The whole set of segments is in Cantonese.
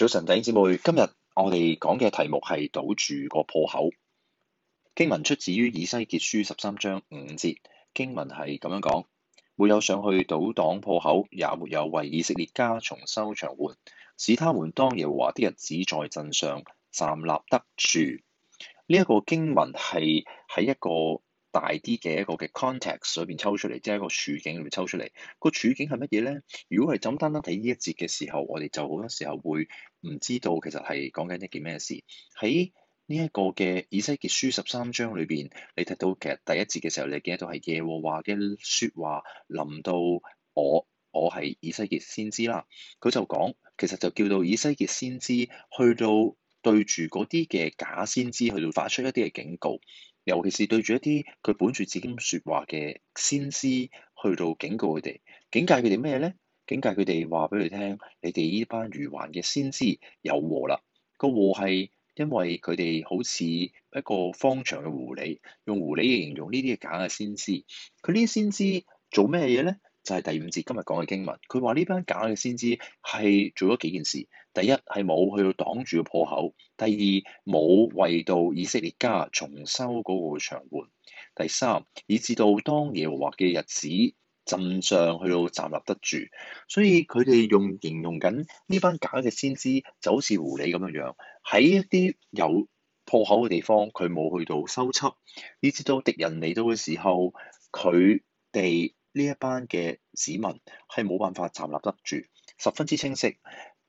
早晨，弟兄姊妹，今日我哋講嘅題目係堵住個破口。經文出自於以西結書十三章五節，經文係咁樣講：沒有上去堵擋破口，也沒有為以色列家重修牆垣，使他們當耶和華的日子在陣上站立得住。呢、這、一個經文係喺一個。大啲嘅一個嘅 context 裏邊抽出嚟，即係一個處境裏面抽出嚟。個處境係乜嘢咧？如果係咁單單睇呢一節嘅時候，我哋就好多時候會唔知道其實係講緊一件咩事。喺呢一個嘅以西結書十三章裏邊，你睇到其實第一節嘅時候，你記得到係耶和華嘅説話臨到我，我係以西結先知啦。佢就講，其實就叫到以西結先知去到對住嗰啲嘅假先知，去到發出一啲嘅警告。尤其是對住一啲佢本住自己説話嘅先知，去到警告佢哋，警戒佢哋咩咧？警戒佢哋話俾佢聽，你哋呢班愚頑嘅先知有禍啦！這個禍係因為佢哋好似一個方長嘅狐狸，用狐狸形容呢啲嘅假嘅先知。佢呢啲先知做咩嘢咧？就係第五節今日講嘅經文，佢話呢班假嘅先知係做咗幾件事，第一係冇去到擋住個破口，第二冇為到以色列家重修嗰個牆垣，第三以致到當耶和華嘅日子陣仗去到站立得住，所以佢哋用形容緊呢班假嘅先知就好似狐狸咁樣樣，喺一啲有破口嘅地方佢冇去到修葺，以致到敵人嚟到嘅時候佢哋。呢一班嘅子民係冇辦法站立得住，十分之清晰。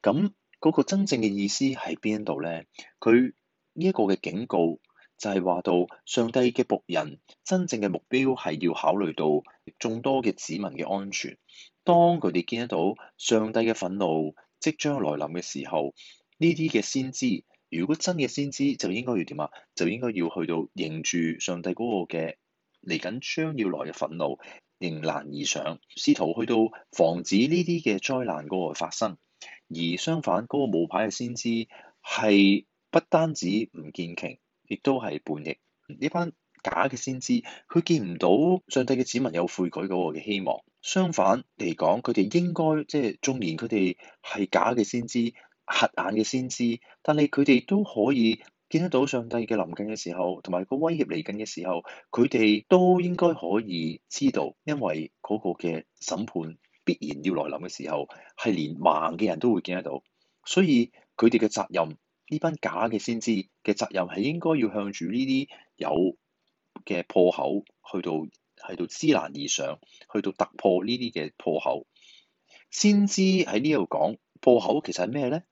咁嗰個真正嘅意思喺邊度咧？佢呢一個嘅警告就係話到上帝嘅僕人真正嘅目標係要考慮到眾多嘅子民嘅安全。當佢哋見得到上帝嘅憤怒即將來臨嘅時候，呢啲嘅先知如果真嘅先知，就應該要點啊？就應該要去到迎住上帝嗰個嘅嚟緊將要來嘅憤怒。迎難而上，試圖去到防止呢啲嘅災難嗰個發生。而相反，嗰、那個冒牌嘅先知係不單止唔虔誠，亦都係叛逆。呢班假嘅先知，佢見唔到上帝嘅子民有悔改嗰個嘅希望。相反嚟講，佢哋應該即係縱然，佢哋係假嘅先知、瞎眼嘅先知，但係佢哋都可以。見得到上帝嘅臨近嘅時候，同埋個威脅嚟緊嘅時候，佢哋都應該可以知道，因為嗰個嘅審判必然要來臨嘅時候，係連盲嘅人都會見得到。所以佢哋嘅責任，呢班假嘅先知嘅責任係應該要向住呢啲有嘅破口去到，喺度知難而上，去到突破呢啲嘅破口，先知喺呢度講破口其實係咩咧？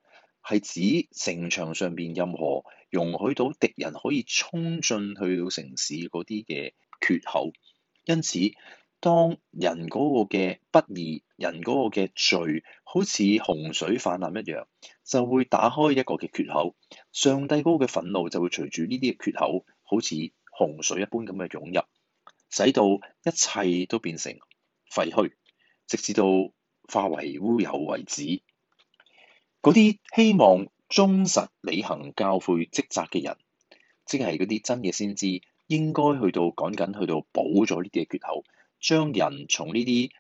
係指城牆上邊任何容許到敵人可以衝進去到城市嗰啲嘅缺口，因此當人嗰個嘅不義，人嗰個嘅罪，好似洪水泛濫一樣，就會打開一個嘅缺口，上帝嗰個嘅憤怒就會隨住呢啲嘅缺口，好似洪水一般咁嘅湧入，使到一切都變成廢墟，直至到化為烏有為止。嗰啲希望忠實履行教誨職責嘅人，即係嗰啲真嘅先知，應該去到趕緊去到補咗呢啲嘅缺口，將人從呢啲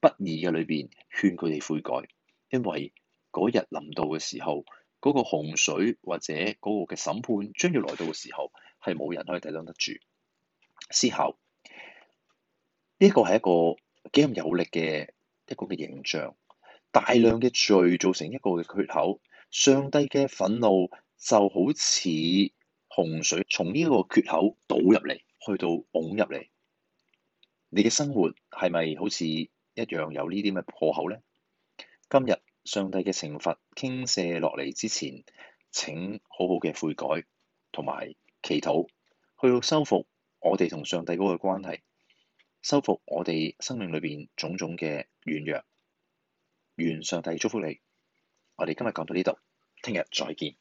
不義嘅裏邊勸佢哋悔改，因為嗰日臨到嘅時候，嗰、嗰個洪水或者嗰個嘅審判將要來到嘅時候，係冇人可以抵擋得住。思考呢、這個、一個係一個幾咁有力嘅一個嘅形象。大量嘅罪造成一個嘅缺口，上帝嘅憤怒就好似洪水，從呢個缺口倒入嚟，去到湧入嚟。你嘅生活係咪好似一樣有呢啲嘅破口呢？今日上帝嘅懲罰傾瀉落嚟之前，請好好嘅悔改同埋祈禱，去到修復我哋同上帝嗰個關係，修復我哋生命裏邊種種嘅軟弱。願上帝祝福你，我哋今日講到呢度，聽日再見。